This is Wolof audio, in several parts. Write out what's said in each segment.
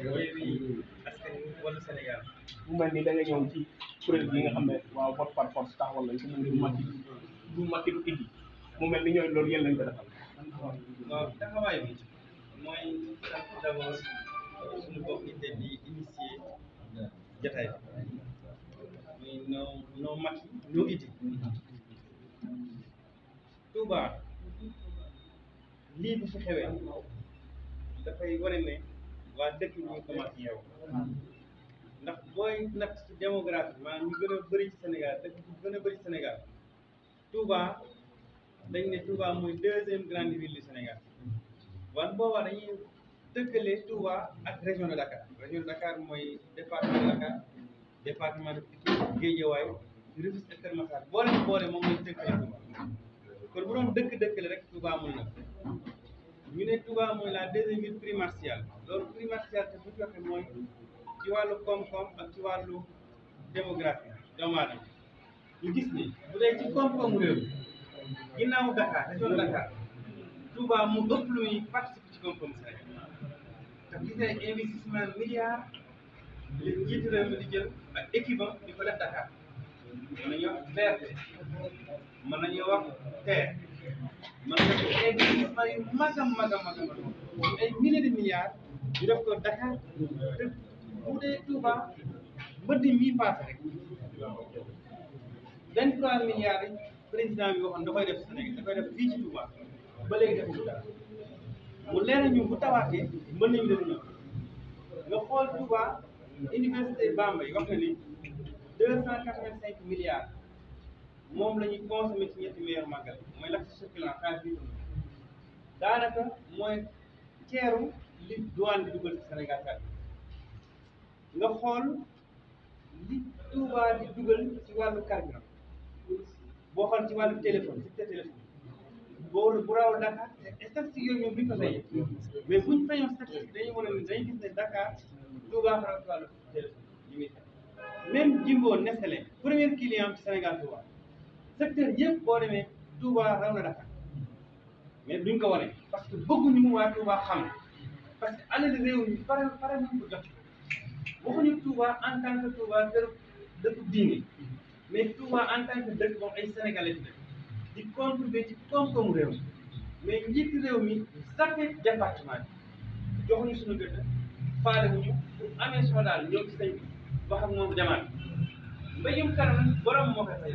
que bu mel ni da nga ñëw ci kuréel bi nga xam ne waaw vote par force taxawal lañ ko mel ni du matti du matti mu mel ni ñooñu loolu yéen lañ ko defal. waaw taxawaay bi mooy sant d'abord suñu bopp noo noo noo iti Touba lii bu fi xewee dafay wane ne waa dëkk bi ñu commencé ndax booy nag ci démographie maanaam ñu gën a bëri Sénégal dëkk bu dañ ne Touba mooy deuxième grande ville du Sénégal wan boobaa dañuy dëkkale Touba ak région de Dakar région de Dakar mooy département de Dakar département de Pikine Guédiawaye Rufisque ak Keur Massar boole moom mooy dëkkale Touba kon bu doon dëkk dëkkale rek Touba amul na ñu ne Touba mooy la deuxième ville primatiale loolu primatiale te bu ñu waxee mooy ci wàllu koom-koom ak ci wàllu démographie doomu aadama ñu gis ni bu dee ci koom-koom réew ginnaaw Dakar région Dakar mu ëpp lu ñuy ci koom-koom Sénégal te gis nañ investissement milliard li njiitu réew mi di jël ak équipement di ko def Dakar mën nañu wax verte mën nañu wax terre man na ko ay ay mag a mag a mag a mag ay milliers de milliards ñu def ko Dakar te bu dee Touba mbënd mii paase rek vingt trois milliards yi président bi waxoon da koy def Sénégal da koy def fii ci Touba ba léegi def ko dara mu leer ñu bu tawaatee mën nañu leen ñëw nga xool Touba université Bambey wax na ni deux cent quatre vingt cinq milliards mom lañu consommer ci ñetti meeru màggal mooy lakk circulant xaar bi dund daanaka moy ceeru li douane bi dugal ci Sénégal kat nga xol li Touba bi dugal ci walu carburant bo xol ci walu téléphone ci téléphone boo bu raw Dakar statistique yooyu ñoom bi ñu ko fayee mais buñ fayoon statistique dañu wone ni dañu gis ne Dakar Touba faral ci wàllu téléphone li muy même Jimbo Nestlé premier client ci Sénégal Touba secteur yëpp boo demee Touba raw na Dakar mais duñ ko wane parce que bëgguñu waa Touba xam parce que alal réew mi pare pare nañ ko jox waxuñu Touba en tant que Touba dë dëkku diine mais Touba en tant que dëkk moom ay sénégalais ci di contribuer ci koom-koomu réew mais njiitu réew mi sàkkee département bi joxuñu suñu gëdd faale wuñu pour amee solo daal ñëw ci sañ ba xam moom jamaat mbéyum kanam borom moo koy fay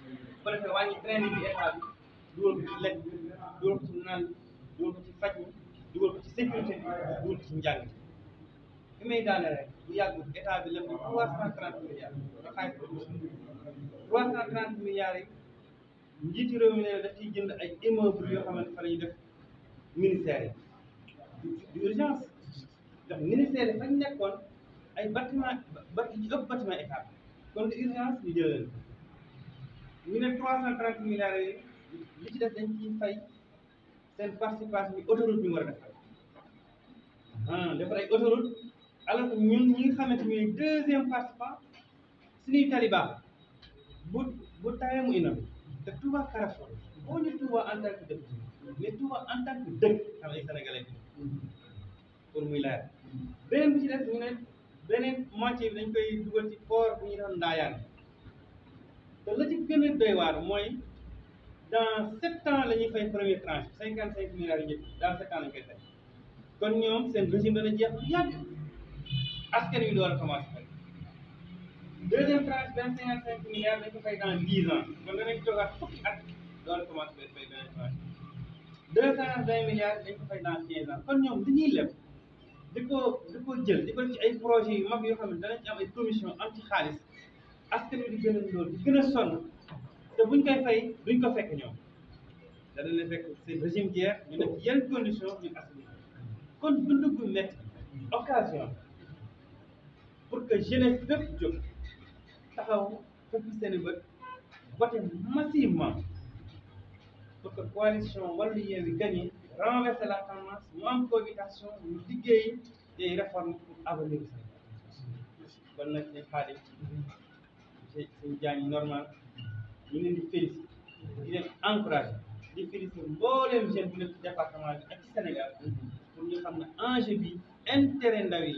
bu ko defee wàññi train bi état bi dugal ci lekk dugal ko ci naan dugal ko ci faj mi dugal ko ci sécurité bi dugal ko ci njàng fi may daane rek bu yàggul état bi trois cent trente milliards nga xaaj ko trois yi ne daf ciy jënd ay immeuble yoo xamante fa def ministère yi d'urgence ndax ministère yi fañ nekkoon ay bâtiment bati ëpp bâtiment état kon de urgence ñu jëlee ñu ne trois cent trente milliards yi li ci def dañ ciy fay seen participation bi autoroute bi war a defal ah defar ay ñu alors que ñun ñi nga xamante ni deuxième participant suñuy taliba bu bu tawee mu inam te Touba Carrefour boo ñu Touba en tant que dëkk mais Touba en tant dëkk xam ay sénégalais pour muy leer beneen bi ci def ñu ne beneen moitié bi dañ koy dugal ci port bu ñu doon ndaayaan te la ci gën a doy waar mooy dans sept ans la ñuy fay premier tranche cinquante cinq milliards yu njëkk dans sept ans la ñu koy fay kon ñoom seen régime dana jeex lu yàgg askan wi door a commencé fay deuxième tranche benn cinquante cinq milliards dañ ko fay dans dix ans ñoom danañ toogaat fukki at door a commencé fay fay benn tranche deux cent vingt milliards dañ ko fay dans quinze ans kon ñoom li ñuy leb di ko di ko jël di ko ci ay projets yu mag yoo xam ne danañ ci am ay commission am ci xaalis askan di gënal a di gën a sonn te buñ koy fay duñ ko fekk ñoom dana leen fekk seen régime guerre ñu nekk yan condition ñu askan kon dund dugg métti occasion pour que jeunesse bépp jóg taxaw foofu seen i bët voté massivement pour que coalition Wallu wi gagné renverser la tendance mu am cohabitation ñu liggéey des réformes pour avenir bi kon nag ñu xaalis sëñ sëñ Diagne normal ñu ngi leen di félicité di leen encouragé di félicité mbooleem jeune bu ak Sénégal pour ñu xam ne enjeu bi intérêt ndaw yi